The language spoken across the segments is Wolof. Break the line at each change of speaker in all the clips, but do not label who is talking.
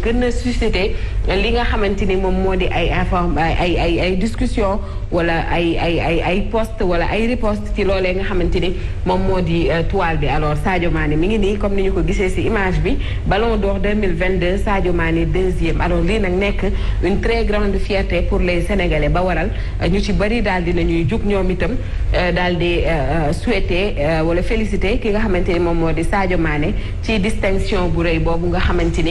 gën a suscité li nga xamante ni moom moo di ay inform ay ay ay discussion wala ay ay ay ay post wala ay riposte ci loolee nga xamante ni moom moo di euh, toile bi alors Sadio Mané mi ngi nii comme ni ñu ko gisee ci image bi Ballon d'Or 2022 Sadio Mané deuxième alors lii nag nekk une très grande fierté pour les Sénégalais ba waral euh, ñu ci bëri daal di nañuy jug ñoom itam euh, daal di souhaiter wala féliciter ki nga xamante ni moom moo di Sadio Mané ci distinction bu rëy boobu nga xamante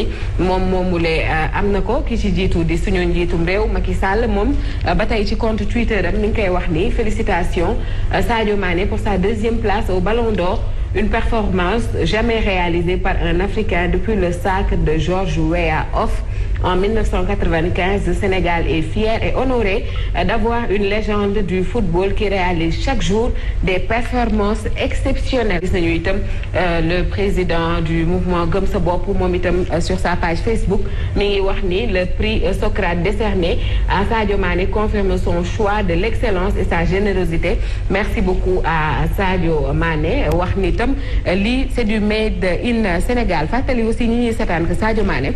moomule euh, am na ko ki ci jiitu di suñoo njiitum réew ki Sall moom euh, ba tey ci compte Twitter am ni ngi koy wax ni félicitations euh, Sadio Mané pour sa deuxième place au Ballon d'Or une performance jamais réalisée par un Africain depuis le sacre de George Weah Off en 1995, le Sénégal est fier et honoré euh, d'avoir une légende du football qui réalise chaque jour des performances exceptionnelles. gis nañu itam euh, le président du mouvement Gëm sa bopp moom itam euh, sur sa page Facebook mi ngi wax ni le prix Socrate décerné à Sadio Mané confirme son choix de l'excellence et sa générosité merci beaucoup à Sadio Mané wax ni itam lii c'est du made in Sénégal fàttali aussi ñi ñuy seetaan que Sadio Mané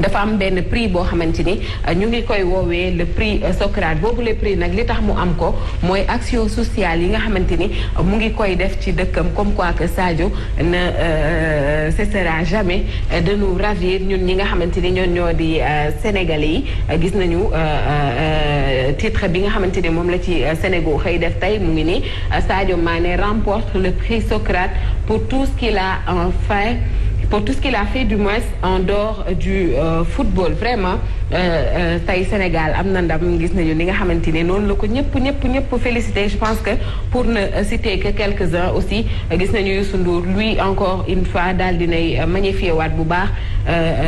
dafa am benn prix boo xamante ni euh, ñu ngi koy woowee le prix euh, Socrate boobu le prix nag li tax mu am ko mooy action sociale yi nga xamante ni euh, mu ngi koy def ci dëkkam comme quoi que Sadio ne cessera jamais de nous ravir ñun ñi nga xamante ni ñoon ñoo di Sénégalais yi gis nañu titre bi nga xamante ni moom la ci Sénégal xëy def tey mu ngi nii Sadio Mané remporte le prix Socrate pour tout ce qu'il a pour tout ce qu'il du moins en dehors du euh, football vraiment euh, euh, tey Sénégal am na ndam gis nañu ni nga xamante ne noonu la ko ñëpp ñëpp ñëpp félicité je pense que pour ne citer que quelques-uns aussi gis nañu Youssou Ndour lui encore une fois daal dinay magnifié waat bu baax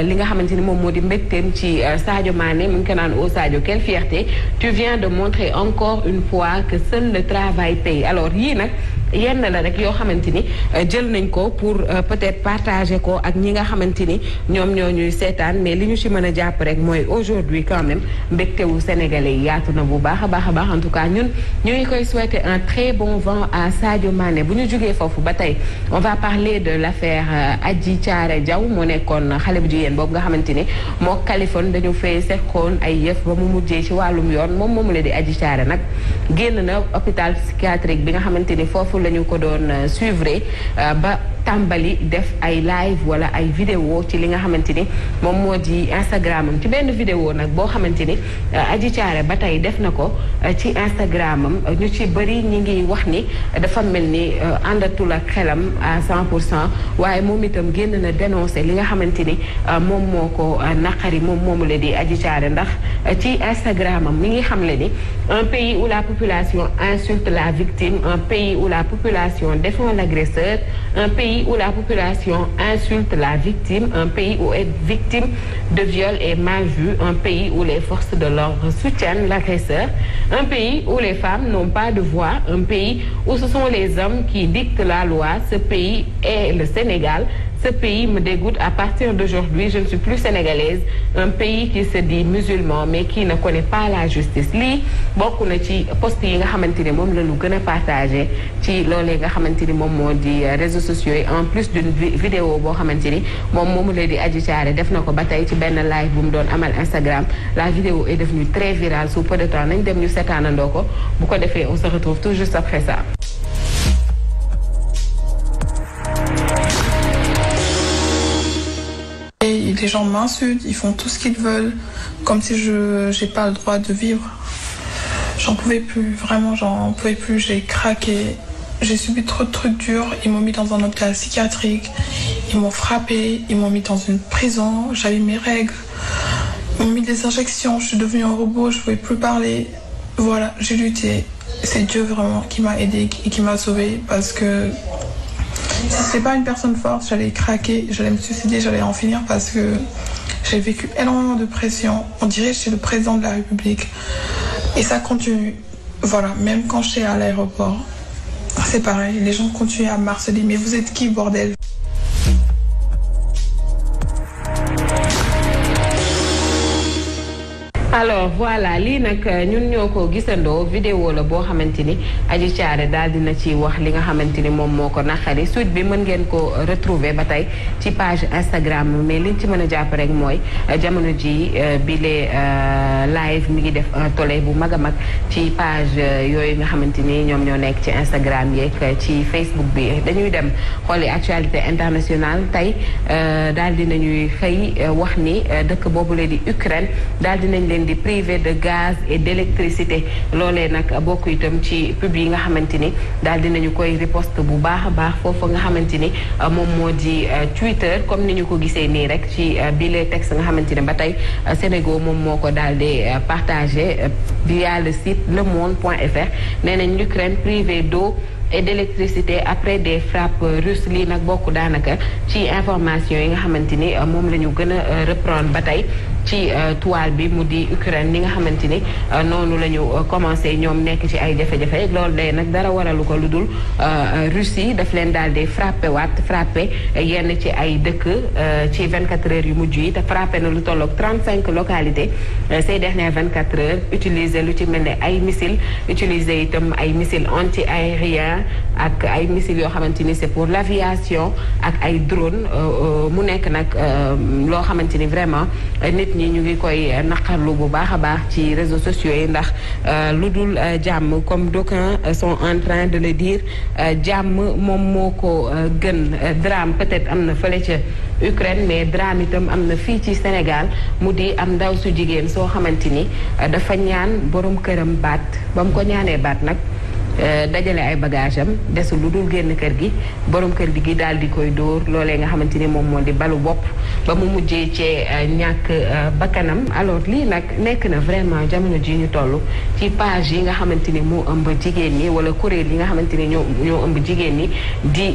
li nga xamante ni moom moo di mbégteem ci Sadio Mané mu ngi naan au oh Sadio quelle fierté tu viens de montrer encore une fois que seul le travail paye alors yii nag yenn la rek yoo xamante ni euh, jël nañ ko pour euh, peut-être partager ko ak ñi nga xamante ni ñoom ñoo ñuy seetaan mais li ñu ci mën a jàpp rek mooy aujourd'hui quand même mbégte wu sénégalais yi yaatu na bu baax a baax a baax en tout cas ñun ñu ngi koy souhaiter un très bon vent à Sadio bu ñu jógee foofu ba tey on va parler de l'affaire euh, Adji Thiaré Diaw moo nekkoon xale bu jigéen boobu nga xamante ni moo Kaliphone dañu fay sekkoon ay yëf ba mu mujjee ci wàllum yoon moom moomu la di Adji Thiaré nag génn na foofu ñu ko doon euh, suivre euh, ba tàmbali def ay live wala ay vidéo ci li nga xamante ni moom moo di Instagram am ci benn vidéo nag boo xamante ni euh, Adji ba tey def na ko euh, ci Instagram am ñu ci bëri ñi ngi wax ni dafa mel ni euh, àndatul ak xelam à 100 pour cent waaye moom itam génn na dénoncé li nga xamante ni moom moo ko naqari moom moomu la di Adji Thiaré ndax ci Instagram am mi ngi xam le ni un pays u la population insulte la victime un pays où la population défend l'agresseur un pays pays où la population insulte la victime, un pays où être victime de viol est mal vu, un pays où les forces de l'ordre soutiennent l'agresseur, un pays où les femmes n'ont pas de voix, un pays où ce sont les hommes qui dictent la loi. Ce pays est le Sénégal. Ce pays me dégoûte. À partir d'aujourd'hui, je ne suis plus sénégalaise. Un pays qui se dit musulman mais kii ne connaît pas la justice lii bokk na ci post yi nga xamante ni moom la lu gën a partagé ci loolee nga xamante ni moom moo di euh, réseaux sociaux en plus vidéo boo xamante ni moom moomu la di aji caare def na ko ba tey ci benn live bu mu doon amal Instagram la vidéo est def très virale sous peu de temps nañ dem ñu seetaanandoo ko bu ko defee on se retrouve tout juste après sa
les gens m'insultent, ils font tout ce qu'ils veulent, comme si je n'ai pas le droit de vivre. J'en pouvais plus, vraiment, j'en pouvais plus, j'ai craqué. J'ai subi trop de trucs durs, ils m'ont mis dans un hôpital psychiatrique, ils m'ont frappé, ils m'ont mis dans une prison, j'avais mes règles, ils m'ont mis des injections, je suis devenue un robot, je ne pouvais plus parler. Voilà, j'ai lutté. C'est Dieu vraiment qui m'a aidé et qui m'a sauvé parce que J'étais pas une personne forte, j'allais craquer, j'allais me suicider, j'allais en finir parce que j'ai vécu énormément de pression. On dirait chez le président de la République. Et ça continue. Voilà, même quand j'étais à l'aéroport, c'est pareil, les gens continuent à me harceler. Mais vous êtes qui,
alors voilà lii nag euh, ñun ñoo ko gisandoo vidéo la boo xamante ni aji caare daal dina ci wax li nga xamante ni moom moo ko naqari suite bi mën ngeen ko euh, retrouver ba tey ci page Instagram mais liñ ci mën a jàpp rek mooy euh, jamono ji bile live mu ngi def un tollé bu mag a mag ci page yooyu nga xamante ni ñoom ñoo nekk ci Instagram yeeg ci Facebook bi dañuy dem xooli actualité internationale tey daal dinañuy xëy wax ni dëkk boobu la di Ukraine daal dinañ leen leen di privé de gaz et d'électricité loole nag bokk itam ci pub yi nga xamante ni daal dinañu koy riposte bu baax a baax foofu nga xamante ni euh, moom moo di euh, Twitter comme ni ñu ko gisee nii rek ci euh, bile texte nga xamante ni ba tey Sénégal moom moo ko daal di partagé via le site lemonde.fr nee nañ l'Ukraine privée d'eau et d'électricité après des frappes russes lii nag bokk daanaka ci information yi nga xamante ni moom la ñu gën a reprendre ba tey ci euh, toile bi mu di Ukraine ni nga xamante ni euh, noonu la ñu euh, commencé ñoom nekk ci ay jafe-jafe loolu day nag dara waralu ko lu dul Russie daf leen daal di frappé waat frappé yenn ci ay dëkk ci 24 heures yu mujj yi te frappé na lu tolloog 35 localités ces vingt quatre heures utiliser lu ci mel ne ay missiles utiliser itam ay missiles anti aériens ak ay missiles yoo xamante ni c'est pour l'aviation ak ay drone mu nekk nag loo xamante ni vraiment ñi ñu ngi koy eh, naqarlu bu baax a baax ci réseaux sociaux yi ndax eh, lu dul eh, jàmm comme d'aucuns sont son train de le dire jàmm moom moo ko gën drame peut-être am na fële ca Ukraine mais drame itam am na fii ci Sénégal mu di am ndaw su jigéen soo xamante ni dafa ñaan borom këram baat ba mu ko ñaanee baat nag Euh, dajale ay bagage am desul lu dul génn kër gi borom kër gi daal di koy dóor loole nga xamante ni moom moo di balu bopp ba mu mujjee cee euh, ñàkk euh, bakkanam alors lii nag nekk na vraiment jamono ji ñu toll ci page yi nga xamante ni moo ëmb jigéen ñi wala kuréel yi nga xamante ni ñoo ñoo ëmb jigéen ñi di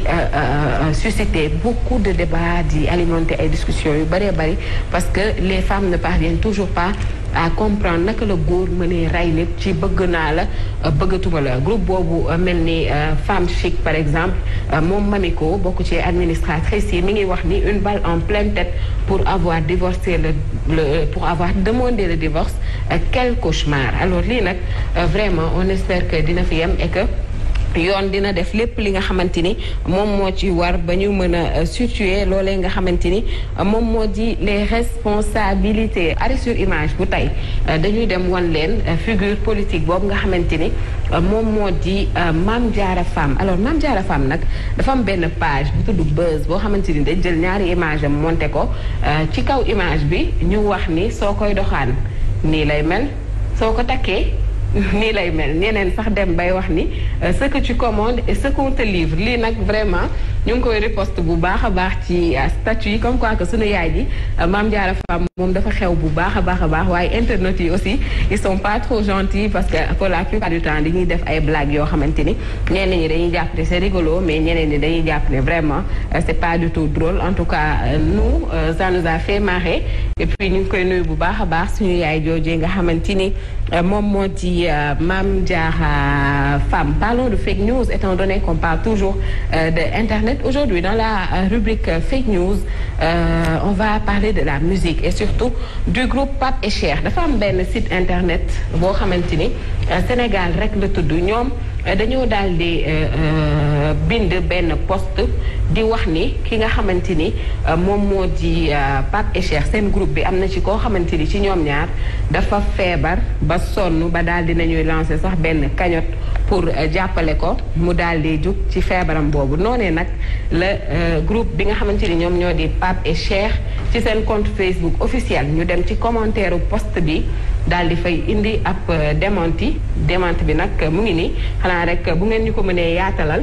susciter beaucoup de débats di alimenter ay discussions yu bëree bari parce que les femmes ne parviennent toujours pas à comprendre naka la góor ne rey nit ci bëgg naa la euh, bëggatuma la groupe boobu euh, mel ni euh, femme chic par exemple moom Mamiko bokk ci administratrice yi mi ngi wax ni une balle en pleine tête pour avoir divorcé le le pour avoir demandé le divorce quel cauchemar alors lii nag vraiment on espère que dina fi yem et que yoon dina def lépp li nga xamante ni moom moo ci war ba ñu mën a euh, situer loolee nga xamante ni euh, moom moo di les responsabilités arrêt image bu tey euh, dañuy dem wan leen figure politique boobu nga xamante ni moom moo di Mame Diarra Fam alors Mame jaara Fam nag dafa am benn page bu tudd buzz boo xamante ni dañ jël ñaari image am monté ko ci kaw image bi ñu wax ni soo koy doxaan nii lay mel soo ko takkee nii lay mel ñeneen sax dem bay wax ni euh, ce que tu commandes et ce qu'on livre lii nag vraiment ñu ngi koy riposte bu baax a baax ci euh, statut yi comme quoi que sunu yaay ji euh, maam Diarra Fam moom dafa xew bu baax a baax a baax waaye internet yi aussi ils sont pas trop gentils parce que pour la plupart du temps dañuy def ay blagues yoo xamante ni ñeneen ñi dañuy jàpp ne c'est rigolo mais ñeneen ñi dañuy jàpp ne vraiment c'est pas du tout drôle en tout cas nous ça nous a ñu ngi koy nuyu bu baax a baax suñu yaay joojee nga xamante ni. Euh, moom moo di euh, Mame Diarra Fam parlons de fake news étant donné qu'on parle toujours euh, de internet aujourd'hui dans la rubrique fake news on va parler de la musique et surtout du groupe Pape et Cheikh dafa am benn site internet boo xamante ni Sénégal rek la tudd ñoom Euh, dañoo daal di euh, euh, bind benn post di wax ni ki nga xamante ni moom moo di Pape et Cheikh seen groupe bi am na ci koo xamante ni ci ñoom ñaar dafa feebar ba sonn ba daal di nañuy lancer sax benn cagnotte pour jàppale ko mu daal di jug ci feebaram boobu noonee nag la groupe bi nga xamante ni ñoom ñoo di Pape et Cheikh ci seen compte Facebook officiel ñu dem ci commentaire post bi. daal di fay indi ab yi euh, démenti bi nag mu ngi nii xanaa rek bu ngeen ñu ko mënee yaatalal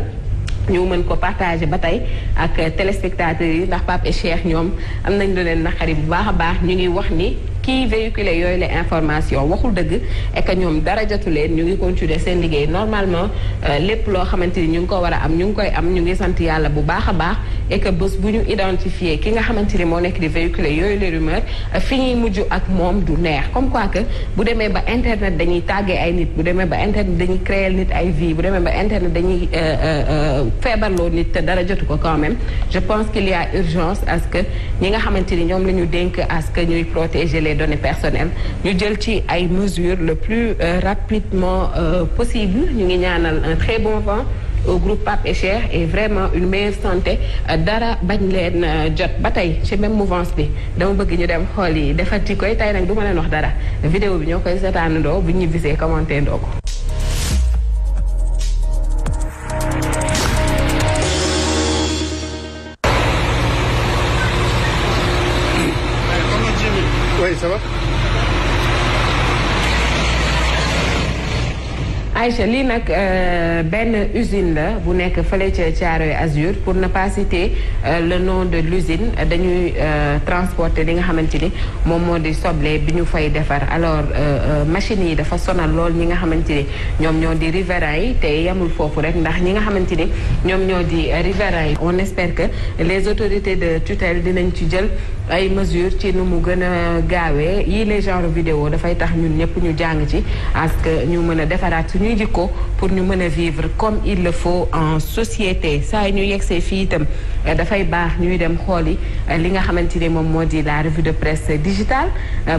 ñu mën ko partagé ba tey ak euh, téléspectateurs yi ndax Pape et ñoom am nañ lu leen naqari bu baax a baax ñu ngi wax nii kii véhiculer yooyu la information waxul dëgg et que ñoom dara jotu leen ñu ngi continuer seen liggéey normalement euh, lépp loo xamante ni ñu ngi ko war a am ñu ngi koy am ñu ngi sant yàlla bu baax a baax et que bés bu ñu identifier ki nga xamante ni moo nekk di véhiculer yooyu les rumeurs euh, fi ñuy mujj ak moom du neex comme quoi que bu demee ba internet dañuy tàggee ay nit bu demee ba internet dañuy créer nit ay vie bu demee ba internet dañuy euh, feebarloo nit te dara jotu ko quand même je pense qu'il y a urgence à que ñi nga xamante ni ñoom la ñu dénk à que ñuy protéger les données personnelles ñu jël ci ay mesures le plus euh, rapidement euh, possible ñu ngi ñaanal un très bon vent au groupe Pape et Cheikh et vraiment une meilleure santé euh, dara bañ leen jot ba tey ci même mouvance bi dama bëgg ñu dem xool yi defati koy tey nag du ma leen wax dara video bi ñoo koy seetaanandoo bu ñu visee commenté ndoo ko sabab lii nag euh, benn usine la bu nekk fële ca Thiaroye Azur pour ne pas euh, le nom de l'usine dañuy euh, transporter li nga xamante ni moom moo di soble bi ñu fay defar alors machines yi dafa sonal lool ñi nga xamante ni ñoom ñoo di riverains yi te yamul foofu rek ndax ñi nga xamante ni ñoom ñoo di riverains yi on espère que les autorités de tutelle dinañ ci jël ay mesures ci nu mu gën a gaawee yii les genre dafay tax ñun ñëpp ñu jàng ci parce que ñu mën a defaraat suñuy jikko pour ñu mën a vivre comme il le faut en société saa yi ñu yegsee fii itam dafay baax ñuy dem xool yi li nga xamante ni moom moo di la revue de presse digitale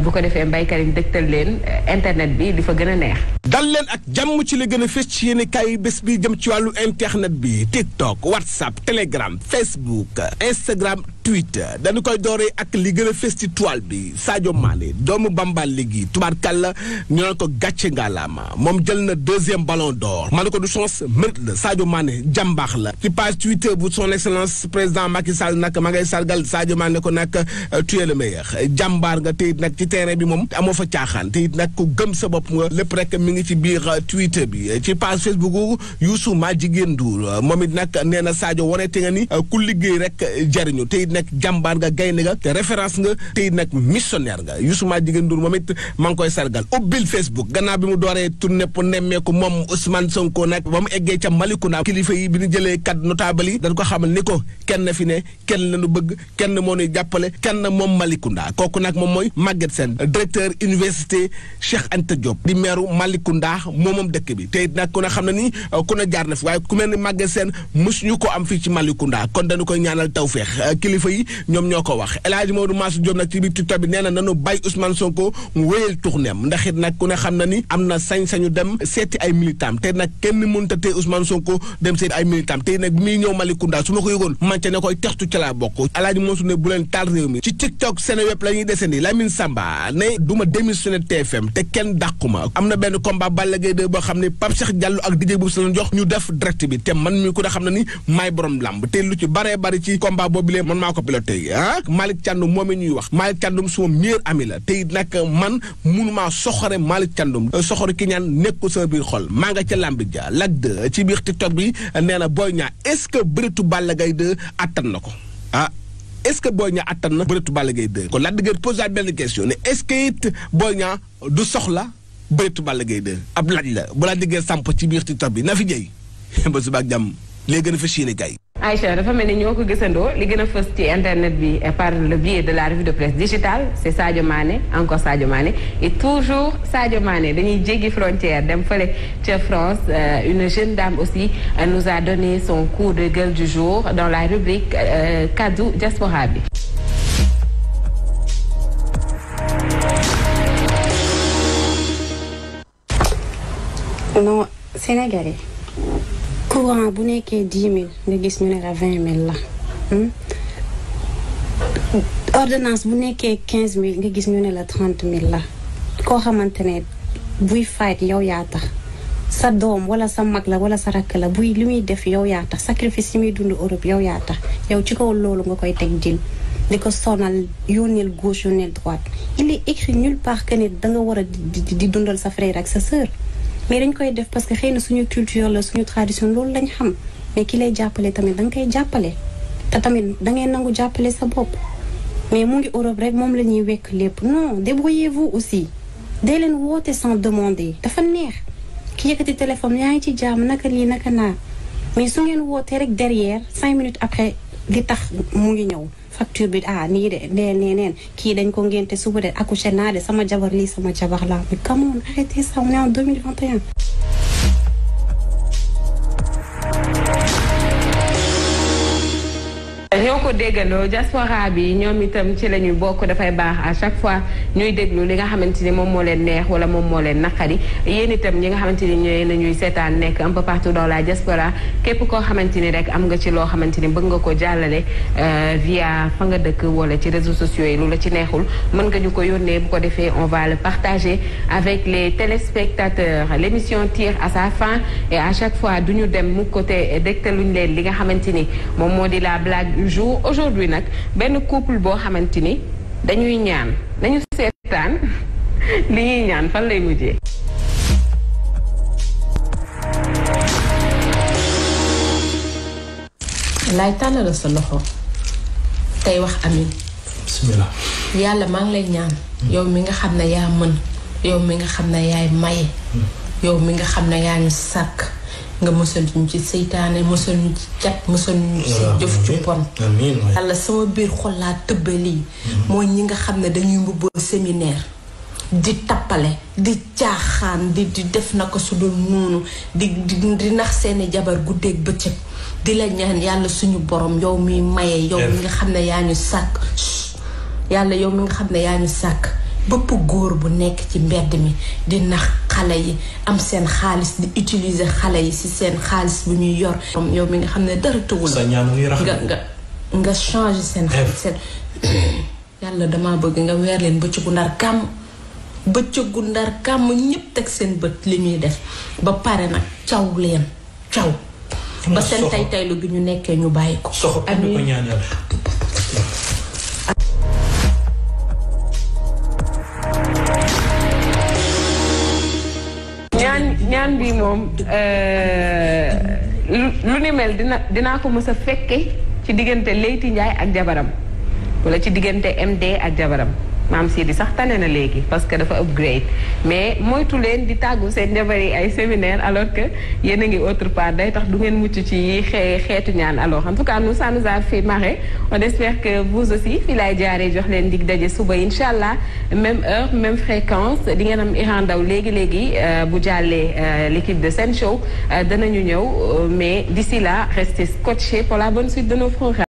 bu ko defee Mbaye Karim dëgtal leen internet bi li fa gën a neex
dal leen ak jàmm ci li gën a fës ci yéen kaay bés bi jëm ci wàllu internet bi TikTok WhatsApp Telegram Facebook Instagram Twitter dañu koy dooree ak li gën a fës ci toile bi Sadio Mané doomu Bambal léegi tubaarkàlla ñu ne ko gàcce ngalaama moom jël na deuxième ballon d'or ma ko du chance mérite la Sadio Mané jàmbaax la ci page Twitter bu son excellence président Macky Sall nag ma ngay sargal Sadio Mané ko nag euh, tu es le meilleur jàmbaar nga te it nag ci terrain bi moom amoo fa caaxaan te it nag ku gëm sa bopp nga lépp rek ngi ngi ci biir euh, Twitter bi euh, ci page Facebook gu Youssou Ma jigéen Ndour euh, moom it nag nee na Sadio wane te nga ni ku liggéey rek jariñu te it nag jàmbaar nga gaynde nga te référence nga te it nag missionnaire nga Ma jigéen Ndour moom it maa ngi koy sargal ubbil Facebook gannaaw bi mu dooree tournée pour nemmeeku moom Ousmane Sonko nag ba mu eggee ca Malicounda kilifa yi bi ñu jëlee kaddu notable yi dañ ko xamal ni ko kenn fi ne kenn nu bëgg kenn moo ñuy jàppale moom Malicounda kooku nag moom mooy Maguette Sène directeur université Cheikh Anta ku ndaax moomam dëkk bi te nag ku ne xam na ni uh, ko am fii uh, yi ñoo ko wax El Hadj Maodo Mass Diop nag ci biir TikTok bi nee na ku ne xam na ni am na sañ-sañu dem seeti ay militant te nag kenn mënut a téye Ousmane Sonko dem seeti ay militant te nag bi muy ñëw Malicounda su ma ko yëgoon man ca ne koy textu ca laa bokk El Hadj ne bu taal réew mi ci TikTok Seneweb la ñuy desandi Lamine Samba ne du ma démissionné TFM te kenn dàqu ma am na benn combat Balla Gaye 2 boo xam ne Pape Cheikh Diallo ak DJ Boubou Saloum jox ñu def direct bi te man mi ku ne xam na ni maay borom làmb te lu ci baree bari ci combat boobu lee man maa ko piloté ah Malick Thiandoum moom ñuy wax Malick Thiandoum suma meilleur ami la te it nag man munumaa soxore Malick Thiandoum euh, soxore ki ñaan nekk sa biir xol maa nga ca làmb ja lag de ci biir TikTok bi nee na Boy ñaar est-ce que bëreetu Balla Gaye 2 attan na ko ah est-ce que Boy Niang attan na bëreetu Balla Gaye 2 kon Lac de Guiers pose benn question ce que it Boy Niang du soxla bëreetu Balla Gaye 2 ab laaj la bu laa déggee samp ci biir TikTok bi na fi jëy ba suba ak jàmm léegi gën a fas yéene
dafa mel ni ñoo ko gisandoo li gën fës ci internet bi par le biais de la revue de presse digitale c'est Sadio Mané encore saajo Mané et toujours Sadio Mané dañuy jéggi frontière dem fële ca France euh, une jeune dame aussi euh, nous a donné son coup de gueule du jour dans la rubrique euh, kaddu diaspora bi.
non Sénégal courant bu nekkee dix nga gis ñu ne la vingt mille la hmm? ordonnance bu nekkee quinze mille nga gis ñu ne la trente mille la koo xamante ne buy fayit yow yaa tax sa doom wala sa mag la wala sa rakk la buy li muy def yow yaa tax sacrifice yi muy dund Europe yow yaa tax yow ci kaw loolu nga koy teg dil di ko sonal yónneel gauche yónneel droite il est écrit nulle part que danga war a di dundal sa frère ak sa sœur mais dañ koy def parce que xëy na suñu culture la suñu tradition loolu lañ xam mais ki lay jàppale tamit da koy jàppale te tamit da ngay nangu jàppale sa bopp mais mu ngi Europe rek moom la ñuy wekk lépp non débrouillez-vous aussi dee leen woote sans demander dafa neex ki yëkkati téléphone yaa ngi ci jàmm naka lii naka naa mais su ngeen wootee rek derrière cinq minutes après li tax mu ngi ñëw facture bi ah nii de nee nee kii dañ ko ngénte suba de accouché naa de sama jabar lii sama jabar laa mais come on arrêtez ça
déggandoo diaspora bi ñoom itam ci la ñuy bokk dafay baax à chaque fois ñuy déglu li nga xamante ni moom moo leen neex wala moom moo leen naqari yéen itam ñi nga xamante ni ñooy la ñuy seetaan nekk un peu partout dans la diaspora képp koo xamante ni rek am nga ci loo xamante ni bëgg nga ko jàllale euh, via fa nga dëkk wala ci réseaux sociaux yi lu la ci neexul mën nga ñu ko yónnee bu ko defee on va le partager avec les téléspectateurs l'émission tire à sa fin et à chaque fois du ñu dem mu côté dégtaluñ leen li nga xamante ni moom moo di la blague du aujourd'hui nag benn couple boo xamante ni dañuy ñaan dañu seetaan li ñuy ñaan fan lay mujjee.
laay tàllal sa loxo tey wax amin bismillah yàlla maa lay ñaan yow mi nga xam ne yaa mën yow mi nga xam ne yaay maye hmm. yow mi nga xam ne yaa ñu sàkk nga mosal ñu ci seytaane mosal ñu ci cat mosal ñu ci jëf ci pon yàlla sama biir xol laa tëbba mhm. mooy ñi nga xam ne dañuy mbubboo séminaire di tappale di caaxaan di def na ko su dul noonu di di nax seeni jabar guddeeg bëccëg di la ñaan yàlla suñu borom yow miy maye yow mi nga xam ne yaa ñu sàkk yàlla yow mi nga xam ne yaa ñu sàkk bëpp góor bu nekk ci mbedd mi di nax xale yi am seen xaalis di utiliser xale yi si seen xaalis bu ñuy yor. yow mi nga xam ne dara tëwul. sa ñaan nga nga nga changer seen. xaalis seen yàlla damaa bëgg nga weer leen bëccëgu ndar kàmm. bëccëgu ndar kàmm ñépp teg seen bët li ñuy def ba pare nag caw leen caw. ba seen tay taylu gi ñu nekkee ñu bàyyi ko. soxor
ko
ñaan bi moom euh, lu ni mel dina dinaa ko mës a fekke ci diggante Leyti Ndiaye ak jabaram wala ci diggante MD ak jabaram maam Sidi sax tane na léegi parce que dafa upgrade mais moytu leen di tàggu seen jabar yi ay séminaire alors que yéen a ngi autre part day tax du ngeen mucc ci xeetu ñaan alors en tout cas nous sa nous a fait marrer on espère que vous aussi fii laay jaaree jox leen dig daje suba incha allah même heure même fréquence di ngeen am Iran Ndaw léegi léegi euh, bu jàllee euh, l'équipe de Sen Show euh, danañu ñëw mais d'ici là restez scotchés pour la bonne suite de nos programmes